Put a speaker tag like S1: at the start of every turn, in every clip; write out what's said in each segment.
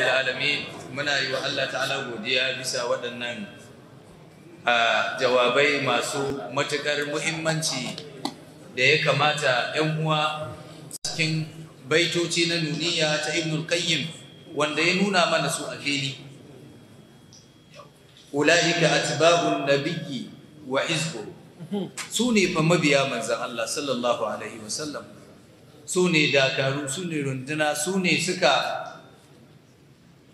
S1: alami muna yi wa Allah ta'ala godiya bisa waɗannan jawabai masu matuƙar muhimmanci da ya kamata 'yan uwa cikin baitoci na nuniya ta ibnul qayyim wanda ya nuna mana su a fili ula'ika atba'un nabiyyi wa izbo su ne fa mabiya manzan Allah sallallahu alaihi wasallam su ne dakaru su ne runduna su ne suka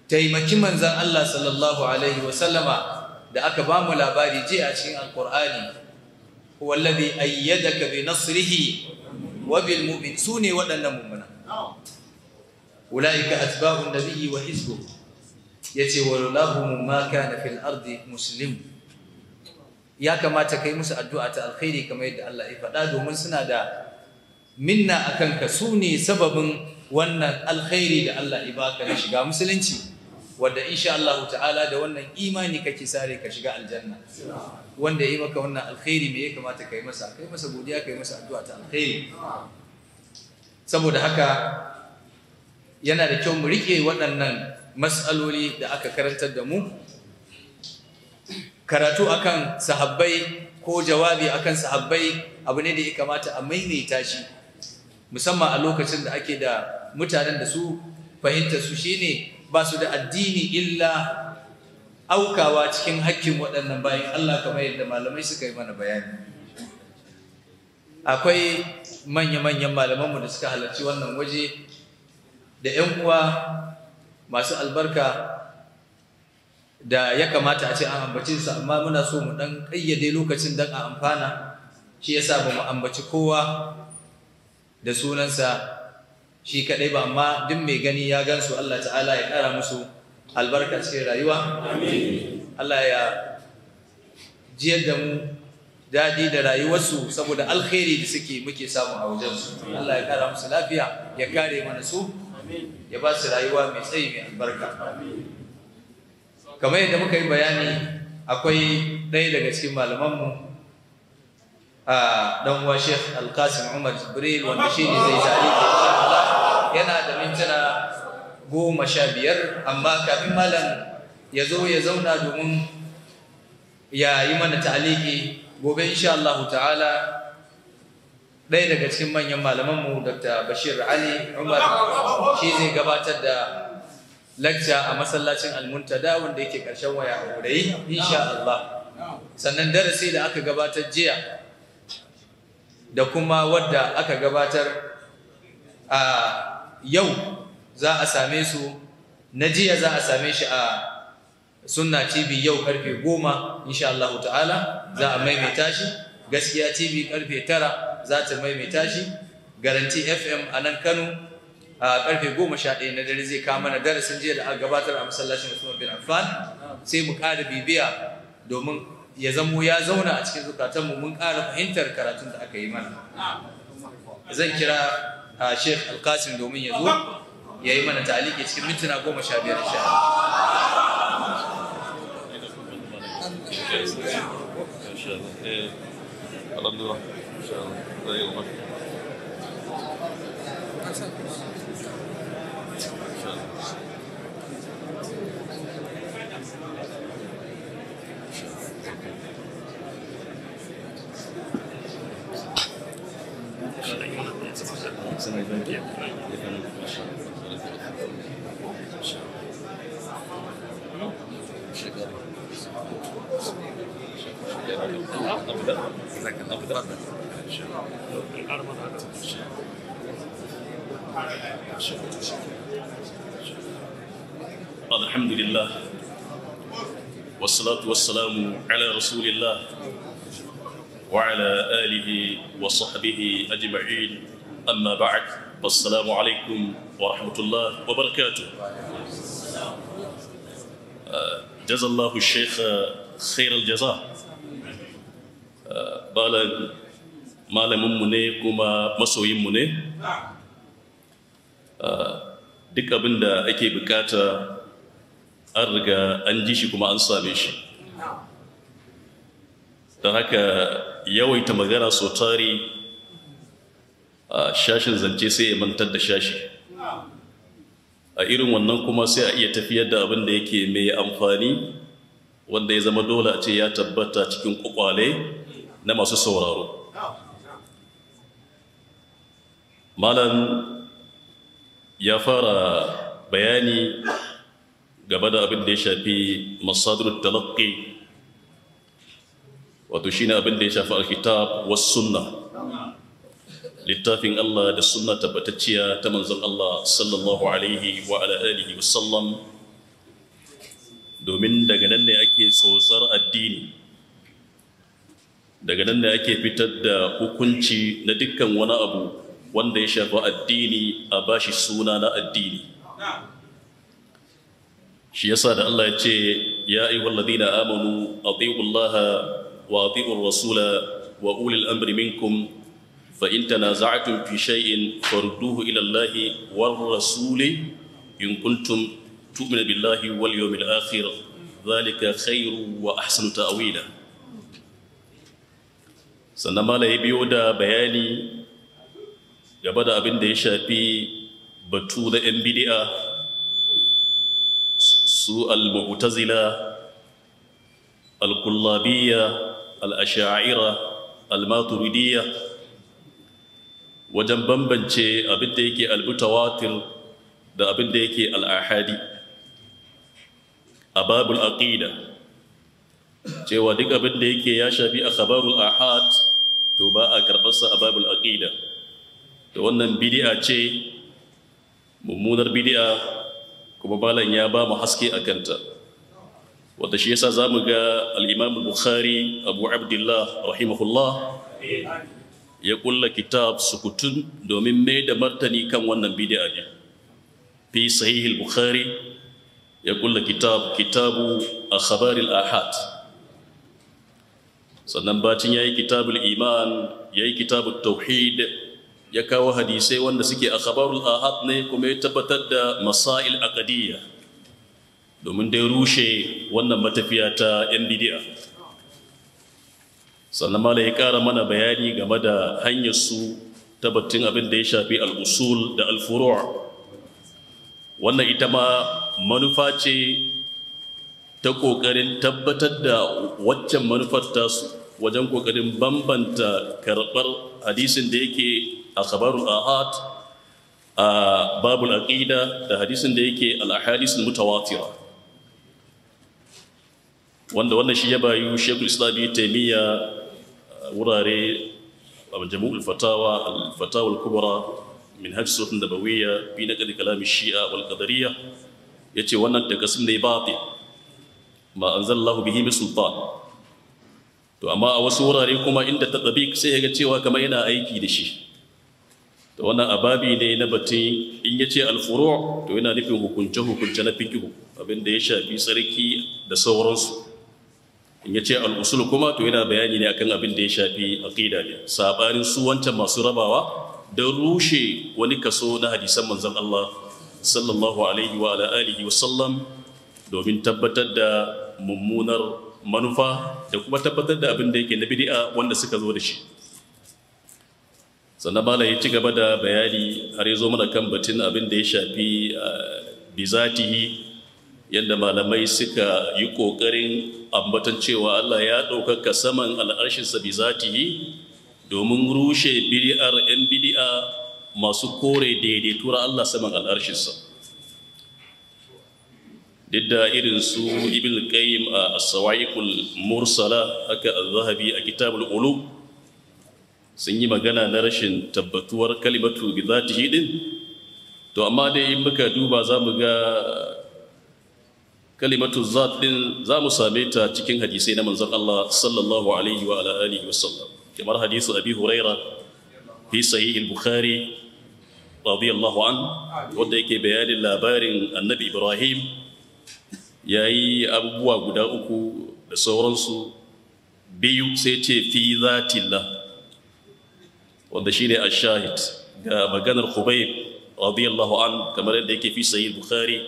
S1: taimaki manzan Allah sallallahu alaihi wasallama da aka ba mu labari jiya a cikin alkur'ani ayyada ka bi nasirihi wa bil su ne waɗannan mu'mina ulaika atba'un nabiyyi wa hizbu yace wallahu ma na fil ardi muslim ya kamata kai musu addu'a ta alkhairi kamar yadda Allah ya faɗa domin suna da minna akan ka sune sababin wannan alkhairi da Allah ya baka na shiga musulunci wanda insha Allah ta'ala da wannan imani kake sare ka shiga aljanna wanda ya yi maka wannan alkhairi me ya kamata kai masa kai masa godiya kai masa addu'a ta alkhairi saboda haka yana da kyau mu rike waɗannan matsaloli da aka karantar da mu karatu akan sahabbai ko jawabi akan sahabbai abu ne da ya kamata a maimaita shi musamman a lokacin da ake da mutanen da su fahimta su shine ba su da addini illa aukawa cikin hakkin waɗannan bayan Allah kamar yadda malamai suka yi mana bayani akwai manya-manyan malamanmu da suka halarci wannan waje da 'yan uwa masu albarka da ya kamata a ce an ambaci su amma muna so mu ɗan ƙayyade lokacin don a amfana shi yasa ba mu ambaci kowa da sunansa shi kaɗai ba amma duk mai gani ya gan su. Allah ta'ala ya ƙara musu albarka cikin rayuwa Allah ya jiyar da mu daɗi da rayuwarsu saboda alkhairi da suke muke samu a wajensu Allah ya ƙara musu lafiya ya kare mana su ya ba su rayuwa mai tsayi mai albarka kamar yadda muka yi bayani akwai ɗaya daga cikin malamanmu dan uwa Sheikh al alkasim Umar Jibril wanda shi ne zai tarihi yana da mintuna goma sha biyar amma kafin malam ya zo ya zauna domin ya yi mana ta'aliki gobe insha Allah ta'ala ɗaya daga cikin manyan malamanmu Dr. Bashir Ali Umar shi zai gabatar da lacca a masallacin Almuntada wanda yake ƙarshen waya a wurayi insha Allah sannan darasi da aka gabatar jiya da kuma wadda aka gabatar a yau za a same su na jiya za a same shi a sunna tv yau karfe goma insha Allah ta'ala za a maimaita shi gaskiya tv karfe tara za ta maimaita shi garanti fm a nan kano a karfe goma sha ɗaya na dare zai kama na darasin jiya da aka gabatar a masallacin Usman bin Affan sai mu ƙara bibiya domin ya zamo ya zauna a cikin zukatanmu mun ƙara fahimtar karatun da aka yi mana zan kira Sheikh qasim domin ya zo ya yi mana ta'aliki cikin mintuna goma sha
S2: biyar sha. Alhamdulillah. الحمد لله والصلاة والسلام على رسول الله وعلى آله وصحبه أجمعين أما بعد والسلام عليكم ورحمة الله وبركاته جزا الله الشيخ خير الجزاء بالا ما لم مني كما مسوي مني دك أبندا أكيد بكاتا أرجع أنجيش كما أنصابيش ترى ك يوي تمجنا سوتاري a shashin zance sai ya mantar da shashi a irin wannan kuma sai a iya tafiyar da abin da yake mai amfani wanda ya zama dole a ce ya tabbata cikin kwakwale na masu sauraro malam ya fara bayani gaba da abin da ya shafi masadar talakki wato shine abin da ya shafi alkitab wasu sunna. littafin Allah da sunna tabbatacciya ta manzon Allah sallallahu alaihi wa domin daga nan ne ake tsotsar addini daga nan ne ake fitar da hukunci na dukkan wani abu wanda ya shafi addini a bashi suna na addini shi yasa da Allah ya ce ya ayyuhal ladina amanu atiiu Allah wa atiiu rasula wa ulil amri minkum فإن تنازعتم في شيء فردوه إلى الله والرسول إن كنتم تؤمن بالله واليوم الآخر ذلك خير وأحسن تأويلا sannan mala ya biyo da bayani gaba da abin da ya shafi batuda da 'yan bidi'a su al-mu'tazila al-kullabiyya al-asha'ira al-maturidiyya wajen bambance abin da yake albutawatir da abin da yake al'ahadi a babul aqida cewa duk abin da yake ya shafi a khabarul ahad to ba a karɓarsa a babul aqida da wannan bidi'a ce mummunar bidi'a kuma malam ya ba mu haske a kanta wata shi yasa za mu ga alimamu bukhari abu abdullah rahimahullah ya kulla kitab sukutun domin mai da martani kan wannan bidi'a ne fi sahihil bukhari ya kulla kitab kitabu khabaril ahad sannan bacin ya yi kitabul iman ya yi kitabul tauhid ya kawo hadisai wanda suke a khabarul ahad ne kuma ya tabbatar da masail aqdiyya domin dai rushe wannan matafiya ta yan bid'a sannan mala ya ƙara mana bayani game da hanyar su ta batun abin da ya shafi al'usul da alfuruwa wannan ita ma manufa ce ta ƙoƙarin tabbatar da waccan manufar tasu wajen ƙoƙarin bambanta karɓar hadisin da yake a sabarun ahad a babul aqida da hadisin da yake al-ahadis mutawatira wanda wannan shi ya bayu shekul islam taimiyya wurare a jamu'ul fatawa al-fatawa al-kubra minhaj sunnah nabawiyya fi naqd kalam shia wal qadariyya yace wannan takasim ne batil ma anzalallahu bihi min sultan to amma a wasu wurare kuma inda ta tsabi sai ya ga cewa kamar yana aiki da shi to wannan ababi ne na batun in ya ce alfuro to yana nufin hukunce-hukunce na fikihu abinda ya shafi sarki da sauransu in ya ce al'usul kuma to yana bayani ne akan abin da ya shafi aƙida ne saɓanin su wancan masu rabawa da rushe wani kaso na hadisan manzan Allah sallallahu alaihi wa alihi wa sallam domin tabbatar da mummunar manufa da kuma tabbatar da abin da yake na bid'a wanda suka zo da shi sannan bala ya ci gaba da bayani har ya zo mana kan batun abin da ya shafi ah, bizatihi yadda malamai suka yi ƙoƙarin ambatan cewa Allah ya ɗaukaka saman al'arshinsa bi zatihi domin rushe bidi'ar 'yan bidi'a masu kore tura Allah saman al'arshinsa duk da irin su ibn a Sawaikul mursala haka zahabi a kitabul ulu sun yi magana na rashin tabbatuwar kalimatu bi zatihi din to amma dai in muka duba za mu ga kalimatu zat din za mu same ta cikin hadisai na manzon Allah sallallahu alaihi wa ala alihi wa sallam kamar hadisu abi huraira fi sahih al-bukhari radiyallahu an wanda yake bayanin labarin annabi ibrahim yayi abubuwa guda uku da sauransu biyu sai ce fi zatillah wanda shine ash-shahid ga maganar khubayb radiyallahu an kamar yadda yake fi sahih al-bukhari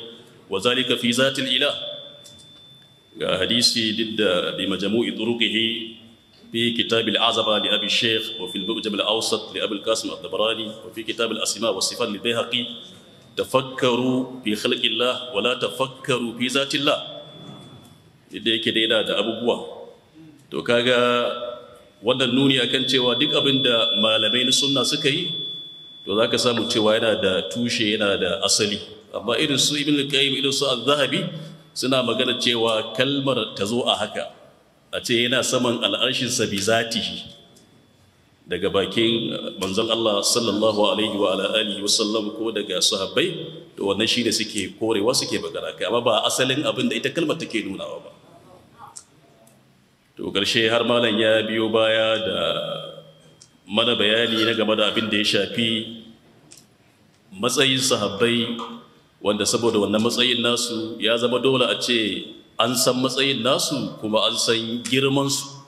S2: wa zalika fi zatil ilah ga hadisi didda bi majmu'i turuqihi في كتاب العزبة لأبي الشيخ وفي المؤجم الأوسط لأبي القاسم الطبراني وفي كتاب الأسماء والصفات tafakkaru تفكروا في خلق الله ولا تفكروا في ذات الله da yake daina da abubuwa to kaga wannan nuni akan cewa duk abin da malamai na sunna suka yi to zaka samu cewa yana da tushe yana da asali amma irin su ibn qayyim irin su az-zahabi suna magana cewa kalmar ta zo a haka a ce yana saman al'arshin sa bi zatihi daga bakin manzon Allah sallallahu alaihi wa ala alihi wasallam ko daga sahabbai to wannan ne suke korewa suke magana kai amma ba asalin abin da ita kalmar take nunawa ba to karshe har malam ya biyo baya da mana bayani na game da abin da ya shafi matsayin sahabbai wanda saboda wannan matsayin nasu ya zama dole a ce an san matsayin nasu kuma an san girmansu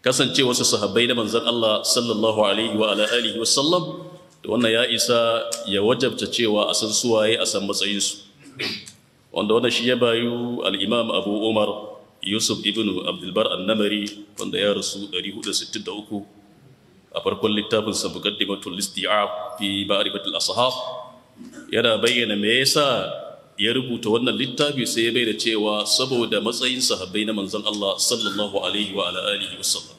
S2: kasance wasu sahabbai na manzan Allah sallallahu alaihi wa alihi wa sallam da wannan ya isa ya wajabta cewa a san suwaye a san matsayinsu wanda wannan shi ya bayu al-imam Abu Umar Yusuf ibn Abdulbar Annamari wanda ya rasu 463 a farkon littafin sa Muqaddimatul Isti'ab fi Ma'rifatul Ashab yana bayyana me yasa ya rubuta wannan littafi sai ya bai da cewa saboda matsayin sahabbai na manzon Allah sallallahu alaihi wa alihi wasallam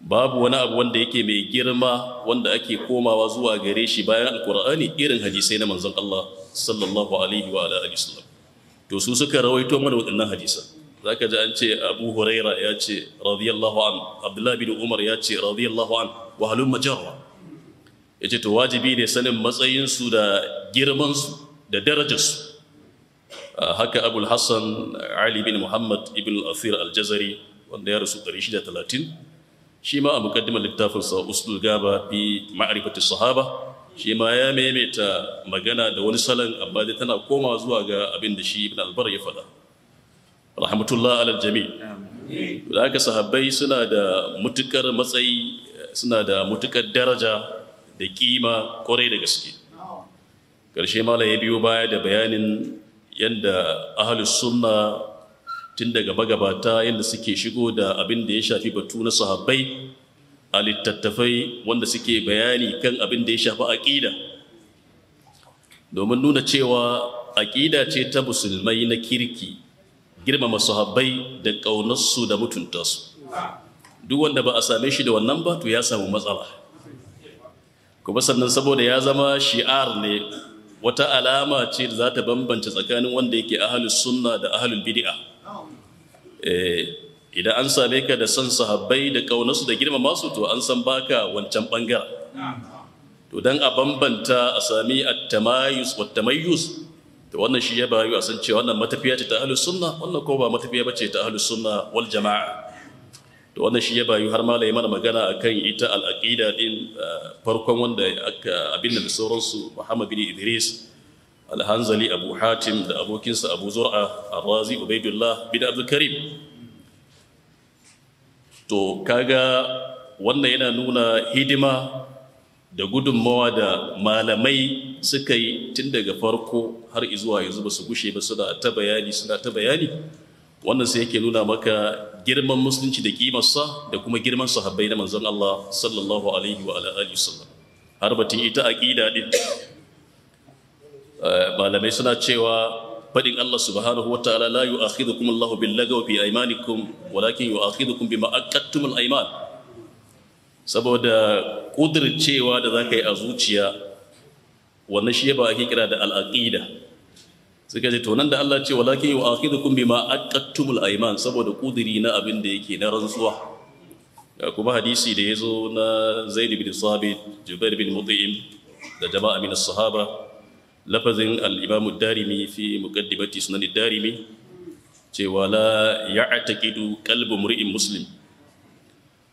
S2: babu wani abu wanda yake mai girma wanda ake komawa zuwa gare shi bayan alkur'ani irin hadisai na manzon Allah sallallahu alaihi wa alihi wasallam to su suka rawaito mana waɗannan hadisan zaka ji an ce Abu Huraira ya ce radiyallahu an Abdullah bin Umar ya ce radiyallahu an wa halumma jarra ya to wajibi ne sanin matsayinsu da girmansu da darajarsu haka abul hassan ali bin muhammad ibn al-athir al-jazari wanda ya rasu 630 shi ma a mukaddimar sa usul gaba bi ma'arifatis sahaba shi ma ya maimaita magana da wani salon amma dai tana komawa zuwa ga abin da shi ibn albar ya faɗa rahmatullah alal jami da haka sahabbai suna da mutukar matsayi suna da mutukar daraja da kima kwarai da gaske ƙarshe malam ya biyo baya da bayanin yadda ahalus sunna tun daga magabata yadda suke shigo da abin da ya shafi batu na sahabbai a littattafai wanda suke bayani kan abin da ya shafi aƙida domin nuna cewa aƙida ce ta musulmai na kirki girmama sahabbai da ƙaunarsu da mutunta su duk wanda ba a same shi da wannan ba to ya samu matsala kuma sannan saboda ya zama shi'ar ne wata alama ce da za ta bambance tsakanin wanda yake ahalus sunna da ahalul bid'a eh, idan an same ka da son sahabbai da kaunarsu da girmama su to an san baka wancan bangara to dan a bambanta a sami at-tamayus wa tamayus to wannan shi ya bayu a san cewa wannan matafiya ce ta ahlus sunna wannan ko ba matafiya bace ta ahlus wal jamaa to wannan shi ya bayu har malai mana magana akan ita al'aqida din farkon wanda aka abin da sauransu Muhammad bin Idris Al-Hanzali Abu Hatim da abokinsa Abu Zur'a Ar-Razi Ubaidullah bin Abdul Karim to kaga wannan yana nuna hidima da gudunmawa da malamai suka yi tun daga farko har zuwa yanzu ba su gushe ba suna ta bayani suna ta bayani wannan sai yake nuna maka girman musulunci da kimarsa da kuma girman sahabbai na manzon Allah sallallahu alaihi wa alihi wasallam har batun ita aqida din eh, malamai suna cewa faɗin Allah subhanahu wataala la yu'akhidhukum Allahu bil lagwi fi aymanikum walakin yu'akhidhukum bima aqadtum al ayman saboda cewa da zaka yi a zuciya wannan shi ba ake kira da al aqida suka ce to nan da Allah ce walakin yu'akhidukum bima aqattumul ayman saboda kudiri na abin da yake na rantsuwa kuma hadisi da yazo na Zaid bin Sabit Jubair bin Mut'im da jama'a min as-sahaba lafazin al-Imam ad-Darimi fi muqaddimati sunan ad-Darimi cewa la ya'taqidu qalbu mri'in muslim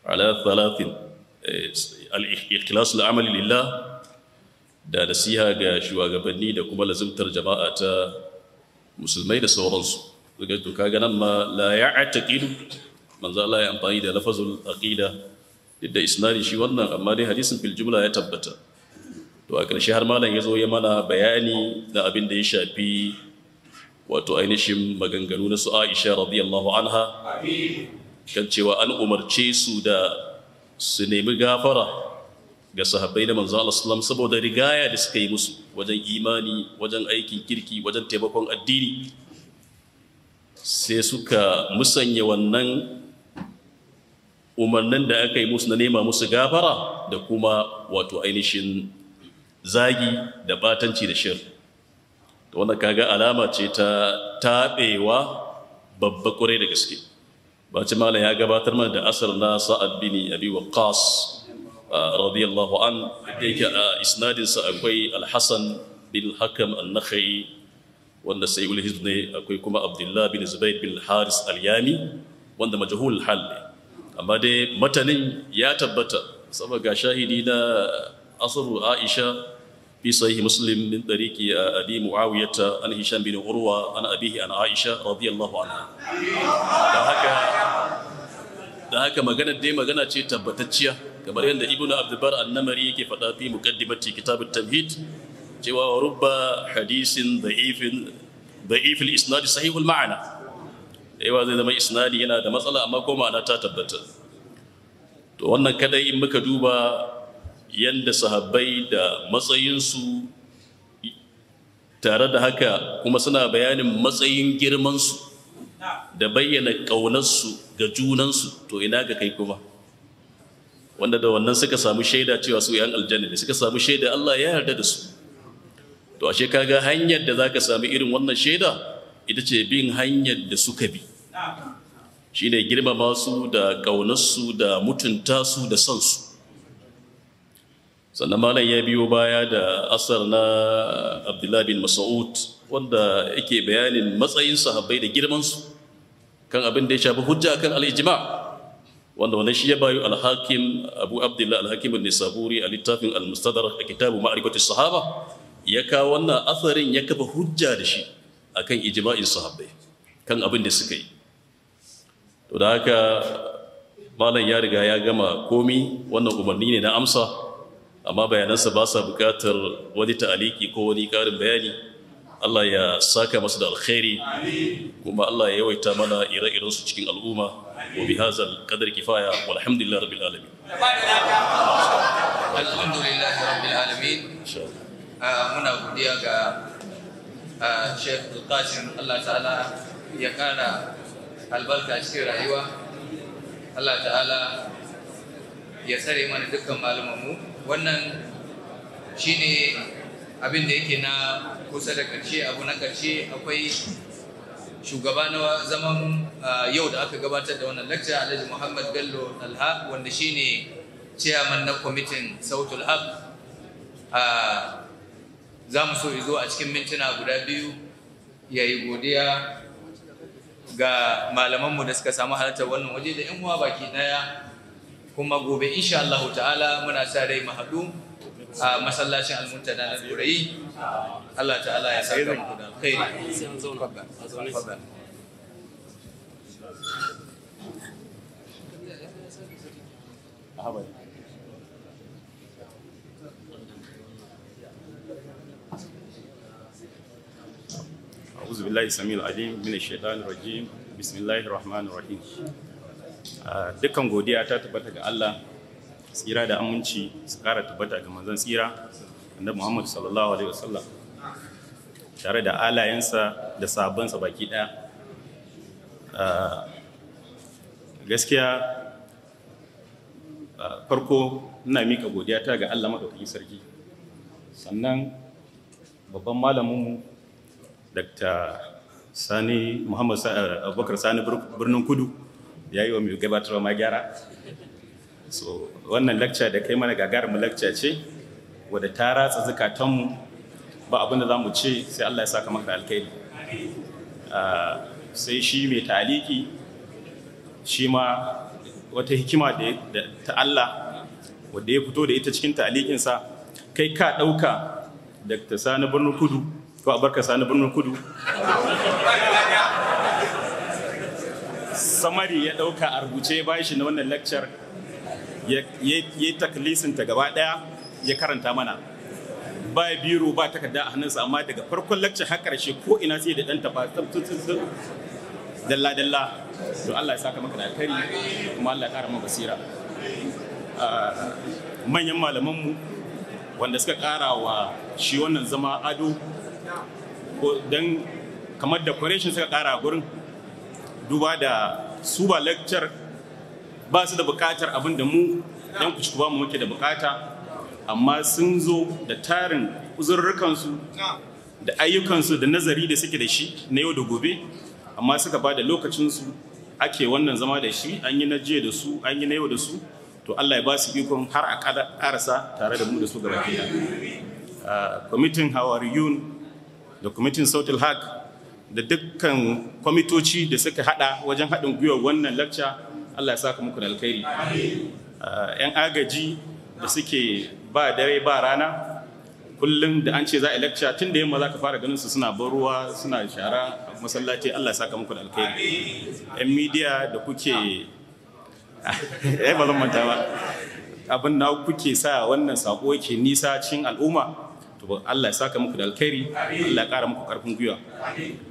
S2: ala thalathin eh, al-ikhlas amali lillah da nasiha ga shugabanni da kuma lazimtar jama'a ta musulmai da sauransu daga to ga nan ma la ya'taqidu manzo Allah ya amfani da lafazul aqida duk da isnadi shi wannan amma dai hadisin fil jumla ya tabbata to a ƙarshe har malam ya zo ya mana bayani da abin da ya shafi wato ainihin maganganu na su Aisha radiyallahu anha kan cewa an umarce su da su nemi gafara ga sahabbai na manzo Allah sallam saboda rigaya da suka yi musu wajen imani wajen aikin kirki wajen taimakon addini sai suka musanya wannan umarnin da aka yi musu na nema musu gafara da kuma wato ainihin zagi da batanci da shir to wannan kaga alama ce ta tabewa babba ƙwarai da gaske ba ci ya gabatar mana da asar na sa'ad bin abi waqas radiyallahu an da yake a isnadinsa akwai alhassan bin hakam al wanda sai ulhiz ne akwai kuma abdullah bin zubair bin haris al-yami wanda majahul hal ne amma dai matanin ya tabbata sama ga shahidi na asaru aisha في صحيح مسلم من طريق أبي معاوية عن هشام بن عروة عن أبيه عن عائشة رضي الله
S1: da haka
S2: da haka magana dai magana ce tabbatacciya kamar yadda ibnu abdulbar annamari yake faɗa fi muqaddimati kitabut tamhid cewa ruba rubba hadisin da'ifin da'ifil isnadi sahihul ma'ana yawa eh, zai zama isnadi yana da matsala amma ko ma'ana ta tabbata to wannan kaɗai in muka duba yadda sahabbai da matsayinsu tare da haka kuma suna bayanin matsayin girmansu da bayyana ƙaunarsu ga junansu to ina ga kai kuma wanda da wannan suka samu shaida cewa su yan aljanna ne suka samu shaida Allah ya yarda da su to ashe kaga hanyar da zaka samu irin wannan shaida ita ce bin hanyar da suka bi shine girmama su da su da mutunta su da son su sannan malam ya biyo baya da asar na abdullahi bin mas'ud wanda yake bayanin matsayin sahabbai da girman su. kan abin da ya shafi hujja kan al-ijma' wanda wannan shi ya bayu alhakim abu abdullahi alhakim nisaburi a littafin almustadar a kitabu ma'arikatul sahaba ya kawo wannan atharin ya kafa hujja da shi akan ijma'in sahabbai kan abin da suka yi to da haka malam ya riga ya gama komi wannan umarni ne na amsa amma bayanansa ba sa bukatar wani ta'aliki ko wani ƙarin bayani Allah ya saka masa da alkhairi kuma Allah ya yawaita mana ire-iren su cikin al'umma wa bi hazal qadar kifaya walhamdulillahi rabbil alamin
S1: alhamdulillahi rabbil alamin ah, muna godiya ga ah, Sheikh Qasim Allah ta'ala ya kara albarka cikin rayuwa Allah ta'ala ya tsare mana dukkan malumanmu wannan shine abin da yake na kusa da karshe abu na karshe akwai shugaba na zaman yau da aka gabatar da wannan lacca. alhaji muhammad bello alha wanda shine chairman na kwamitin sautul Hab. za mu so izo a cikin mintuna guda biyu ya yi godiya ga malamanmu da suka samu halartar wannan waje da 'yan uwa baki daya kuma gobe insha Allah ta'ala muna sa rai mu haɗu a masallacin almuntada na durayi Allah ta'ala ya sa ku da kai
S3: أعوذ بالله السميع العليم من الشيطان الرجيم بسم الله الرحمن الرحيم dukkan godiya ta tabbata ga Allah tsira da aminci su kara tabbata ga manzon tsira annabi Muhammad sallallahu alaihi wasallam tare da alayensa da sabonsa baki daya ah, gaskiya ah, farko ina mika godiya ta ga Allah madaukakin sarki sannan babban malaminmu Dr. Sani muhammadu ah, Abubakar Sani Birnin Kudu ya yi wa mai gabatarwa ma gyara so wannan lecture da kai mana mu lecture ce wadda ta ratsa zukatanmu ba abin da za mu ce sai Allah ya saka maka alkhairi ah, sai shi mai taliki shi ma wata hikima da ta Allah wadda ya fito da ita cikin talikinsa kai ka ɗauka da ta Sani Birnin Kudu ko a barka Sani Birnin Kudu samari ya ɗauka a rubuce shi na wannan lecture ya yi ta gaba ɗaya ya karanta mana ba biro ba takarda a hannunsa amma daga farkon lakcin har karshe ko ina sai da ɗan tafa dalla dalla to Allah ya saka maka da alkhairi kuma Allah ya ƙara maka basira ah, manyan malamanmu wanda suka ƙara wa shi wannan zama ado dan kamar decoration suka kara gurin duba da su ba lecture ba su da bukatar abin da mu yan kuci ba mu muke da bukata amma sun zo da tarin uzurrukansu da ayyukansu da nazari da suke da shi na yau da gobe amma suka ba da lokacinsu ake wannan zama da shi an yi na jiya da su an yi na yau da su to Allah ya ba su ikon har a karasa tare da mu da su gaba ɗaya ah, kwamitin hawariyun da kwamitin sautil Hak da dukkan kwamitoci da suka hada wajen haɗin gwiwar wannan lakca. Allah ya saka muku da alkhairi ah, yan agaji da suke ba dare ba rana kullum da an ce za a lecture tun da yamma za ka fara ganin su suna ban ruwa suna shara masallaci Allah ya saka muku da alkhairi yan media da kuke eh, ba zan manta ba abin na kuke sa wannan sako yake nisa cikin al'umma to Allah ya saka muku da alkhairi Allah ya kara muku karfin
S2: gwiwa